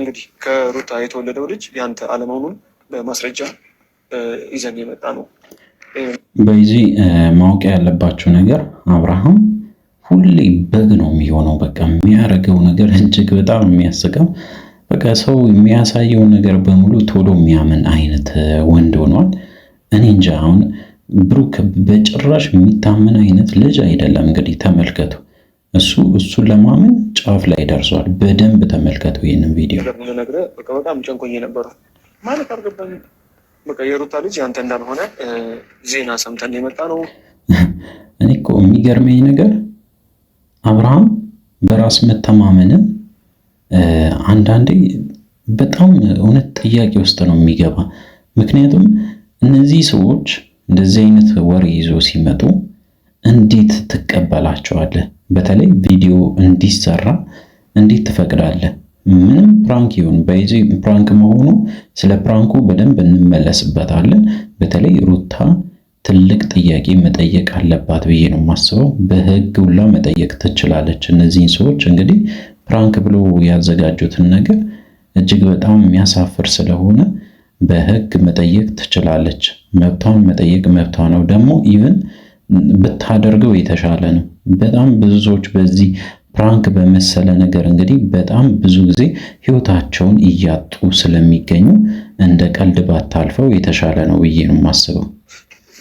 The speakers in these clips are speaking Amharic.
እንግዲህ ከሩታ የተወለደው ልጅ ያንተ አለመሆኑን በማስረጃ ይዘን የመጣ ነው። በዚህ ማወቅ ያለባቸው ነገር አብርሃም ሁሌ በግ ነው የሚሆነው። በቃ የሚያደርገው ነገር እጅግ በጣም የሚያስቀው በቃ ሰው የሚያሳየው ነገር በሙሉ ቶሎ የሚያምን አይነት ወንድ ሆኗል። እኔ እንጃ አሁን ብሩክ በጭራሽ የሚታመን አይነት ልጅ አይደለም። እንግዲህ ተመልከቱ። እሱ እሱን ለማመን ጫፍ ላይ ደርሷል። በደንብ ተመልከተው ይህንን ቪዲዮ። በጣም ጨንቆኝ የነበረው ማለት አልገባኝም። በቃ የሩታ ልጅ አንተ እንዳልሆነ ዜና ሰምተን የመጣ ነው። እኔ እኮ የሚገርመኝ ነገር አብርሃም በራስ መተማመን አንዳንዴ በጣም እውነት ጥያቄ ውስጥ ነው የሚገባ። ምክንያቱም እነዚህ ሰዎች እንደዚህ አይነት ወሬ ይዞ ሲመጡ እንዴት ትቀበላቸዋለህ? በተለይ ቪዲዮ እንዲሰራ እንዴት ትፈቅዳለህ? ምንም ፕራንክ ይሁን በይዚ ፕራንክ መሆኑ ስለ ፕራንኩ በደንብ እንመለስበታለን። በተለይ ሩታ ትልቅ ጥያቄ መጠየቅ አለባት ብዬ ነው የማስበው። በህግ ሁላ መጠየቅ ትችላለች። እነዚህን ሰዎች እንግዲህ ፕራንክ ብሎ ያዘጋጁትን ነገር እጅግ በጣም የሚያሳፍር ስለሆነ በህግ መጠየቅ ትችላለች። መብቷን መጠየቅ መብቷ ነው ደግሞ ኢቨን ብታደርገው የተሻለ ነው። በጣም ብዙ ሰዎች በዚህ ፕራንክ በመሰለ ነገር እንግዲህ በጣም ብዙ ጊዜ ህይወታቸውን እያጡ ስለሚገኙ እንደ ቀልድ ባታልፈው የተሻለ ነው ብዬ ነው የማስበው።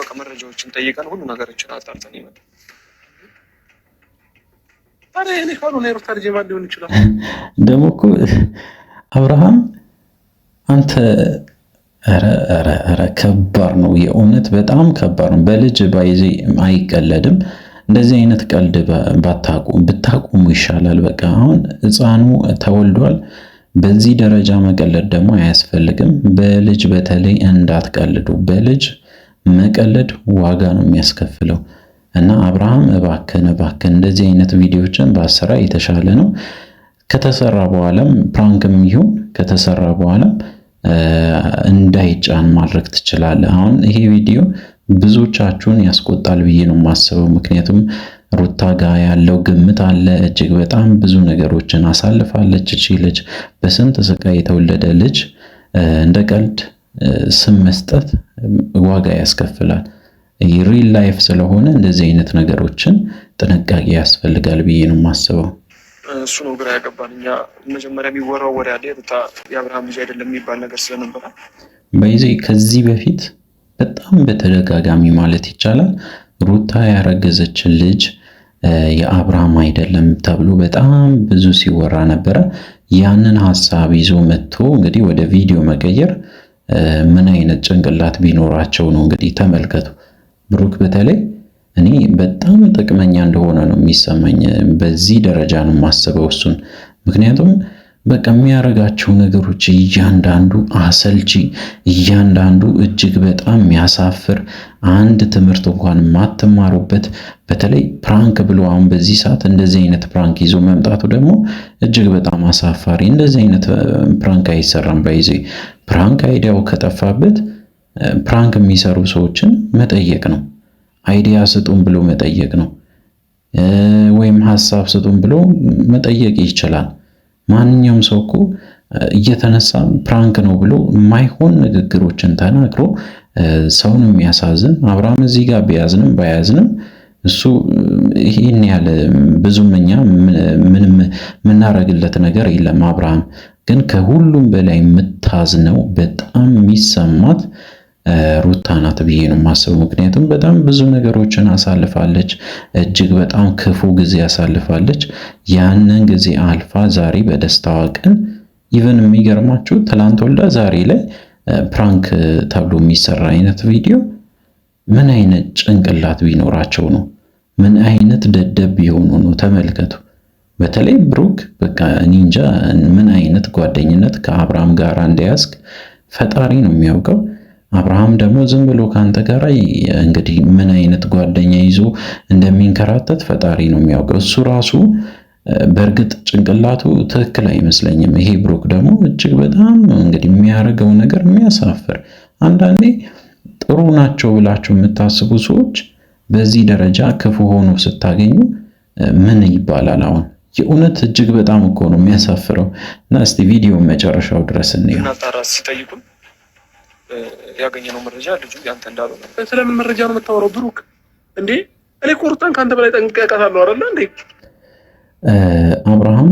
በቃ መረጃዎችን ጠይቀን ሁሉ ነገሮችን አጣርተን ይመጣል። ደግሞ እኮ አብርሃም አንተ ረ ከባድ ነው የእውነት በጣም ከባድ ነው። በልጅ ባይዜ አይቀለድም። እንደዚህ አይነት ቀልድ ብታቁሙ ይሻላል። በቃ አሁን ህፃኑ ተወልዷል። በዚህ ደረጃ መቀለድ ደግሞ አያስፈልግም። በልጅ በተለይ እንዳትቀልዱ። በልጅ መቀለድ ዋጋ ነው የሚያስከፍለው እና አብርሃም እባክን እባክን እንደዚህ አይነት ቪዲዮዎችን ባሰራ የተሻለ ነው። ከተሰራ በኋላም ፕራንክም ይሁን ከተሰራ በኋላም እንዳይጫን ማድረግ ትችላለህ። አሁን ይሄ ቪዲዮ ብዙዎቻችሁን ያስቆጣል ብዬ ነው የማስበው። ምክንያቱም ሩታ ጋ ያለው ግምት አለ። እጅግ በጣም ብዙ ነገሮችን አሳልፋለች። እቺ ልጅ በስንት ስቃይ የተወለደ ልጅ እንደ ቀልድ ስም መስጠት ዋጋ ያስከፍላል። ሪል ላይፍ ስለሆነ እንደዚህ አይነት ነገሮችን ጥንቃቄ ያስፈልጋል ብዬ ነው የማስበው። እሱ ነው ግራ ያገባን። እኛ መጀመሪያ የሚወራው ወሬ አለ ሩታ የአብርሃም ልጅ አይደለም የሚባል ነገር ስለነበረ በይዜ ከዚህ በፊት በጣም በተደጋጋሚ ማለት ይቻላል ሩታ ያረገዘችን ልጅ የአብርሃም አይደለም ተብሎ በጣም ብዙ ሲወራ ነበረ። ያንን ሀሳብ ይዞ መጥቶ እንግዲህ ወደ ቪዲዮ መቀየር ምን አይነት ጭንቅላት ቢኖራቸው ነው እንግዲህ ተመልከቱ። ብሩክ በተለይ እኔ በጣም ጥቅመኛ እንደሆነ ነው የሚሰማኝ። በዚህ ደረጃ ነው የማስበው እሱን። ምክንያቱም በቃ የሚያደርጋቸው ነገሮች እያንዳንዱ አሰልቺ፣ እያንዳንዱ እጅግ በጣም የሚያሳፍር አንድ ትምህርት እንኳን የማትማሩበት በተለይ ፕራንክ ብሎ አሁን በዚህ ሰዓት እንደዚህ አይነት ፕራንክ ይዞ መምጣቱ ደግሞ እጅግ በጣም አሳፋሪ። እንደዚህ አይነት ፕራንክ አይሰራም። ባይዜ ፕራንክ አይዲያው ከጠፋበት ፕራንክ የሚሰሩ ሰዎችን መጠየቅ ነው። አይዲያ ስጡን ብሎ መጠየቅ ነው። ወይም ሀሳብ ስጡን ብሎ መጠየቅ ይችላል። ማንኛውም ሰው እኮ እየተነሳ ፕራንክ ነው ብሎ የማይሆን ንግግሮችን ተናግሮ ሰውን የሚያሳዝን አብርሃም እዚህ ጋር ቢያዝንም ባያዝንም እሱ ይህን ያለ ብዙም እኛ ምንም የምናረግለት ነገር የለም። አብርሃም ግን ከሁሉም በላይ የምታዝነው በጣም የሚሰማት ሩታ ናት ብዬ ነው የማስበው። ምክንያቱም በጣም ብዙ ነገሮችን አሳልፋለች። እጅግ በጣም ክፉ ጊዜ አሳልፋለች። ያንን ጊዜ አልፋ ዛሬ በደስታዋ ቀን ኢቨን የሚገርማችሁ ትላንት ወልዳ ዛሬ ላይ ፕራንክ ተብሎ የሚሰራ አይነት ቪዲዮ ምን አይነት ጭንቅላት ቢኖራቸው ነው? ምን አይነት ደደብ የሆኑ ነው? ተመልከቱ። በተለይ ብሩክ በቃ እንጃ ምን አይነት ጓደኝነት ከአብርሃም ጋር እንደያዝክ ፈጣሪ ነው የሚያውቀው። አብርሃም ደግሞ ዝም ብሎ ከአንተ ጋር እንግዲህ ምን አይነት ጓደኛ ይዞ እንደሚንከራተት ፈጣሪ ነው የሚያውቀው። እሱ ራሱ በእርግጥ ጭንቅላቱ ትክክል አይመስለኝም። ይሄ ብሩክ ደግሞ እጅግ በጣም እንግዲህ የሚያደርገው ነገር የሚያሳፍር። አንዳንዴ ጥሩ ናቸው ብላችሁ የምታስቡ ሰዎች በዚህ ደረጃ ክፉ ሆኖ ስታገኙ ምን ይባላል? አሁን የእውነት እጅግ በጣም እኮ ነው የሚያሳፍረው እና እስቲ ቪዲዮ መጨረሻው ድረስ እንየው። ያገኘነው መረጃ ልጁ ያንተ እንዳልሆነ። ስለምን መረጃ ነው የምታወራው? ብሩክ እንዴ እኔ እኮ ከአንተ በላይ ጠንቅቀቃታለሁ አይደለ እንዴ? አብርሃም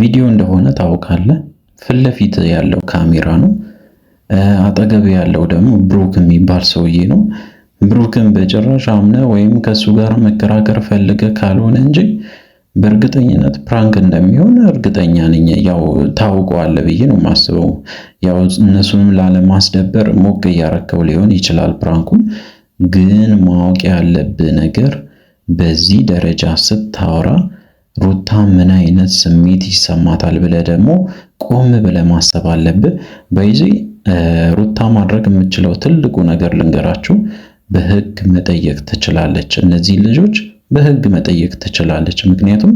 ቪዲዮ እንደሆነ ታውቃለህ። ፊት ለፊት ያለው ካሜራ ነው፣ አጠገብ ያለው ደግሞ ብሩክ የሚባል ሰውዬ ነው። ብሩክን በጭራሽ አምነ ወይም ከእሱ ጋር መከራከር ፈልገ ካልሆነ እንጂ በእርግጠኝነት ፕራንክ እንደሚሆን እርግጠኛ ነኝ። ያው ታውቀዋለ ብዬ ነው ማስበው። ያው እነሱንም ላለማስደበር ሞቅ እያረከው ሊሆን ይችላል ፕራንኩን። ግን ማወቅ ያለብህ ነገር በዚህ ደረጃ ስታወራ ሩታ ምን አይነት ስሜት ይሰማታል ብለህ ደግሞ ቆም ብለህ ማሰብ አለብህ። በዚህ ሩታ ማድረግ የምችለው ትልቁ ነገር ልንገራችሁ፣ በህግ መጠየቅ ትችላለች እነዚህ ልጆች በህግ መጠየቅ ትችላለች። ምክንያቱም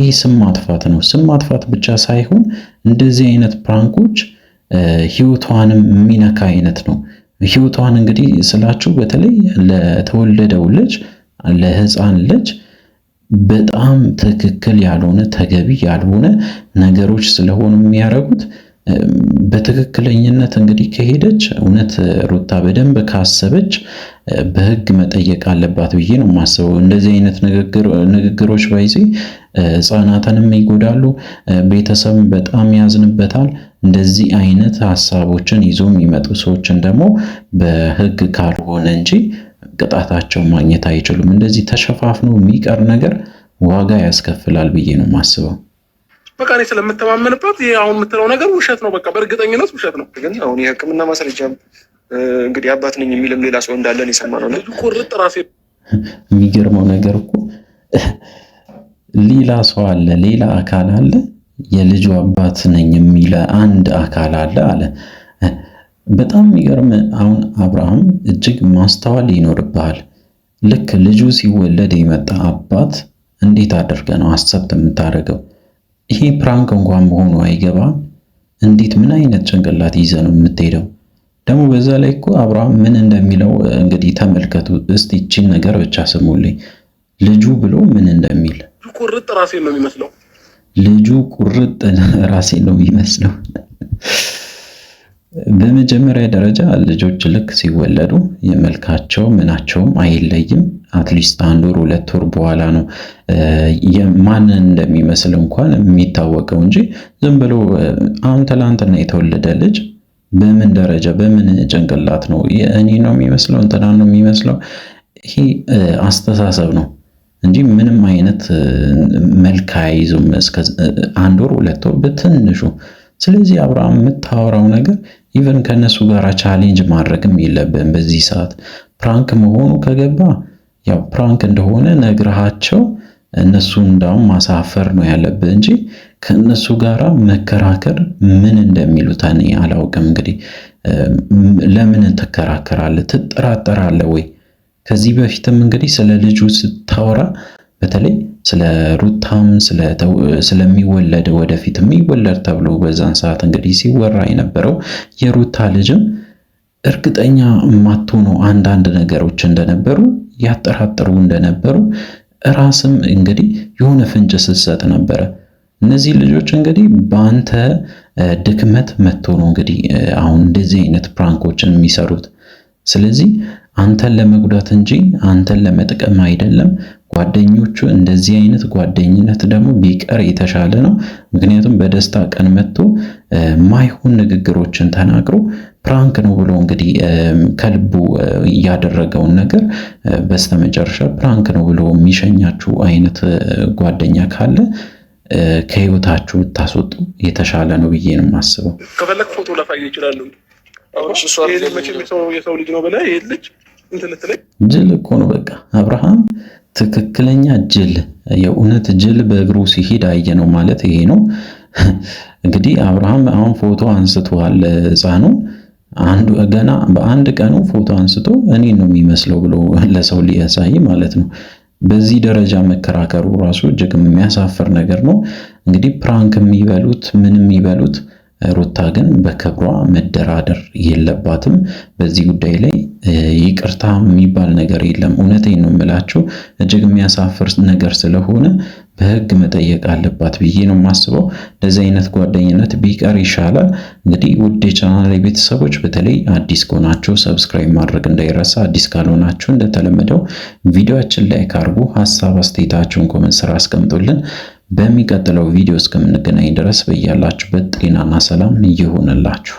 ይህ ስም ማጥፋት ነው። ስም ማጥፋት ብቻ ሳይሆን እንደዚህ አይነት ፕራንኮች ህይወቷንም የሚነካ አይነት ነው። ህይወቷን እንግዲህ ስላችሁ በተለይ ለተወለደው ልጅ ለህፃን ልጅ በጣም ትክክል ያልሆነ ተገቢ ያልሆነ ነገሮች ስለሆኑ የሚያደርጉት በትክክለኝነት እንግዲህ ከሄደች እውነት ሩታ በደንብ ካሰበች በህግ መጠየቅ አለባት ብዬ ነው የማስበው። እንደዚህ አይነት ንግግሮች ባይዚ ህፃናትንም ይጎዳሉ፣ ቤተሰብ በጣም ያዝንበታል። እንደዚህ አይነት ሀሳቦችን ይዞ የሚመጡ ሰዎችን ደግሞ በህግ ካልሆነ እንጂ ቅጣታቸው ማግኘት አይችሉም። እንደዚህ ተሸፋፍኖ የሚቀር ነገር ዋጋ ያስከፍላል ብዬ ነው የማስበው። በቃ እኔ ስለምተማመንበት ይሄ አሁን የምትለው ነገር ውሸት ነው፣ በቃ በእርግጠኝነት ውሸት ነው። ግን አሁን የሕክምና ማስረጃም እንግዲህ አባት ነኝ የሚልም ሌላ ሰው እንዳለን የሰማ ነው። ቁርጥ ራሴ የሚገርመው ነገር እኮ ሌላ ሰው አለ፣ ሌላ አካል አለ፣ የልጁ አባት ነኝ የሚለ አንድ አካል አለ አለ። በጣም የሚገርም አሁን አብርሃም እጅግ ማስተዋል ይኖርብሃል። ልክ ልጁ ሲወለድ የመጣ አባት እንዴት አድርገ ነው አሰብት የምታደርገው? ይሄ ፕራንክ እንኳን መሆኑ አይገባ። እንዴት ምን አይነት ጭንቅላት ይዘ ነው የምትሄደው? ደግሞ በዛ ላይ እኮ አብርሃም ምን እንደሚለው እንግዲህ ተመልከቱ እስቲ። ይቺን ነገር ብቻ ስሙልኝ። ልጁ ብሎ ምን እንደሚል ቁርጥ ራሴን ነው የሚመስለው። ልጁ ቁርጥ ራሴን ነው የሚመስለው። በመጀመሪያ ደረጃ ልጆች ልክ ሲወለዱ የመልካቸው ምናቸውም አይለይም። አትሊስት አንድ ወር ሁለት ወር በኋላ ነው ማንን እንደሚመስል እንኳን የሚታወቀው እንጂ ዝም ብሎ አሁን ትላንትና የተወለደ ልጅ በምን ደረጃ በምን ጭንቅላት ነው እኔ ነው የሚመስለው እንትና ነው የሚመስለው፣ ይሄ አስተሳሰብ ነው እንጂ ምንም አይነት መልክ አይዙም። አንድ ወር ሁለት ወር በትንሹ። ስለዚህ አብርሃም የምታወራው ነገር ኢቨን ከነሱ ጋር ቻሌንጅ ማድረግም የለብን። በዚህ ሰዓት ፕራንክ መሆኑ ከገባ ያው ፕራንክ እንደሆነ ነግረሃቸው እነሱ እንዳውም ማሳፈር ነው ያለብን እንጂ ከእነሱ ጋራ መከራከር ምን እንደሚሉት እኔ አላውቅም። እንግዲህ ለምን ትከራከራለህ? ትጠራጠራለህ ወይ? ከዚህ በፊትም እንግዲህ ስለ ልጁ ስታወራ በተለይ ስለ ሩታም ስለሚወለድ ወደፊት የሚወለድ ተብሎ በዛን ሰዓት እንግዲህ ሲወራ የነበረው የሩታ ልጅም እርግጠኛ የማትሆኑ አንዳንድ ነገሮች እንደነበሩ ያጠራጥሩ እንደነበሩ ራስም እንግዲህ የሆነ ፍንጭ ስትሰጥ ነበረ። እነዚህ ልጆች እንግዲህ በአንተ ድክመት መጥቶ ነው እንግዲህ አሁን እንደዚህ አይነት ፕራንኮችን የሚሰሩት። ስለዚህ አንተን ለመጉዳት እንጂ አንተን ለመጥቀም አይደለም። ጓደኞቹ እንደዚህ አይነት ጓደኝነት ደግሞ ቢቀር የተሻለ ነው። ምክንያቱም በደስታ ቀን መጥቶ ማይሆን ንግግሮችን ተናግሮ ፕራንክ ነው ብሎ እንግዲህ ከልቡ ያደረገውን ነገር በስተመጨረሻ ፕራንክ ነው ብሎ የሚሸኛችሁ አይነት ጓደኛ ካለ ከህይወታችሁ ብታስወጡ የተሻለ ነው ብዬ ነው የማስበው። ከፈለግ ፎቶ ላሳየህ ይችላሉ። የሰው ልጅ ነው ብለህ ልጅ እንትን ልትለኝ ጅል እኮ ነው በቃ አብርሃም ትክክለኛ ጅል የእውነት ጅል በእግሩ ሲሄድ አየ ነው ማለት ይሄ ነው። እንግዲህ አብርሃም አሁን ፎቶ አንስቷል ሕፃኑ አንዱ ገና በአንድ ቀኑ ፎቶ አንስቶ እኔ ነው የሚመስለው ብሎ ለሰው ሊያሳይ ማለት ነው። በዚህ ደረጃ መከራከሩ ራሱ እጅግ የሚያሳፍር ነገር ነው። እንግዲህ ፕራንክ የሚበሉት ምንም የሚበሉት ሩታ ግን በክብሯ መደራደር የለባትም። በዚህ ጉዳይ ላይ ይቅርታ የሚባል ነገር የለም። እውነቴን ነው የምላችሁ፣ እጅግ የሚያሳፍር ነገር ስለሆነ በህግ መጠየቅ አለባት ብዬ ነው የማስበው። እንደዚህ አይነት ጓደኝነት ቢቀር ይሻላል። እንግዲህ ውድ የቻናል ቤተሰቦች፣ በተለይ አዲስ ከሆናችሁ ሰብስክራይብ ማድረግ እንዳይረሳ፣ አዲስ ካልሆናችሁ እንደተለመደው ቪዲዮችን ላይክ አድርጉ፣ ሀሳብ አስተያየታችሁን ኮመንት ስራ አስቀምጡልን። በሚቀጥለው ቪዲዮ እስከምንገናኝ ድረስ በያላችሁበት ጤናና ሰላም ይሁንላችሁ።